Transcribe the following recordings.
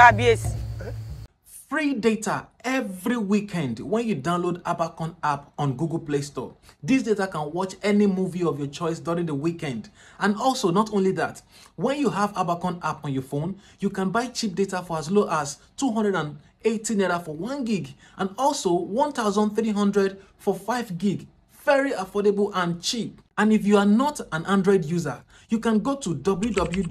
kábíyèsí. Free data every weekend when you download Abacon app on Google Play Store. This data can watch any movie of your choice during the weekend. And also, not only that, when you have Abacon app on your phone, you can buy cheap data for as low as 280 naira for 1 gig and also 1300 for 5 gig. Very affordable and cheap. And if you are not an Android user, you can go to www.abacon.ng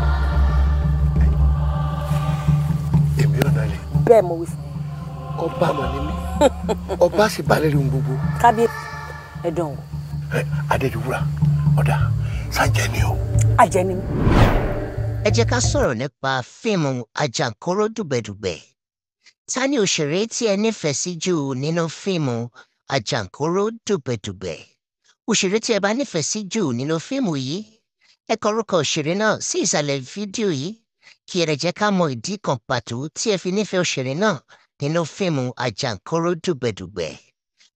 bẹ́ẹ̀ mo wí fún yín. ọba àmọ̀ ni mí ọba sì balẹ̀ rí ohun gbogbo. kábíyèsí ẹ̀dùn o. adéjúwúrà ọ̀dà sàjẹ́ ni o. àjẹ́ ni mí. ẹ jẹ́ ká sọ̀rọ̀ nípa fíìmù ajankoro dùgbẹ̀dùgbẹ̀ ta ni òṣèré tí ẹ nífẹ̀ẹ́ sí jù nínú fíìmù ajankoro dùgbẹ̀dùgbẹ̀ òṣèré tí ẹ bá nífẹ̀ẹ́ sí jù nínú fíìmù yìí ẹ kọ orúkọ òṣèré náà sí ìsàlẹ̀ fídíò yìí kí ẹ lè jẹ́ ká mọ ìdí kan pàtó tí ẹ fi nífẹ̀ẹ́ òṣèré náà nínú fíìmù àjàǹkóró dùgbẹ̀dùgbẹ̀.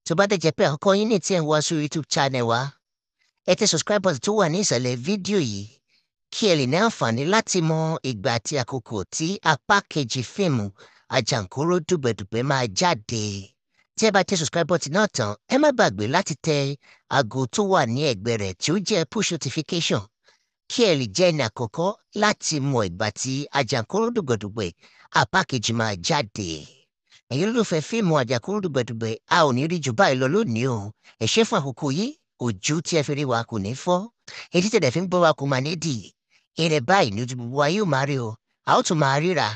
tó bá dẹ̀ jẹ́ pé àkọ́kọ́ yín ní tí ẹ̀ ń wá sí youtube channel wa ẹ tẹ subscribe button tó wà ní ìsàlẹ̀ fídíò yìí kí ẹ lè ní àǹfààní láti mọ ìgbà àti àkókò tí apá kejì fíìmù àjàǹkóró dùgbẹ̀dùgbẹ̀ máa jáde. tí ẹ bá tẹ subscribe button náà tán ẹ má gbàgbé láti tẹ aago tó wà ní ẹ̀gbẹ́ rẹ̀ tí ó jẹ́ push notification Kiel jẹ́ ní àkọ́kọ́ láti mọ ìgbà tí Ajankoro Dùgbẹ̀dùgbẹ̀ apá kejì máa jáde. Ẹ̀yin olólùfẹ́ fíìmù Ajankoro Dùgbẹ̀dùgbẹ̀ a ò ní rí jù báyìí lọ lónìí o. Ẹ ṣé fún àkókò yìí, ojú tí ẹ fi rí wa kò ní fọ́. Etí tẹ̀lẹ̀ fi ń gbọ́ wa kò máa ní dì. Eré báyìí ni ojú gbogbo wa yóò máa rí o. A ó tún máa ríra.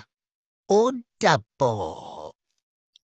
Ó dàbọ̀.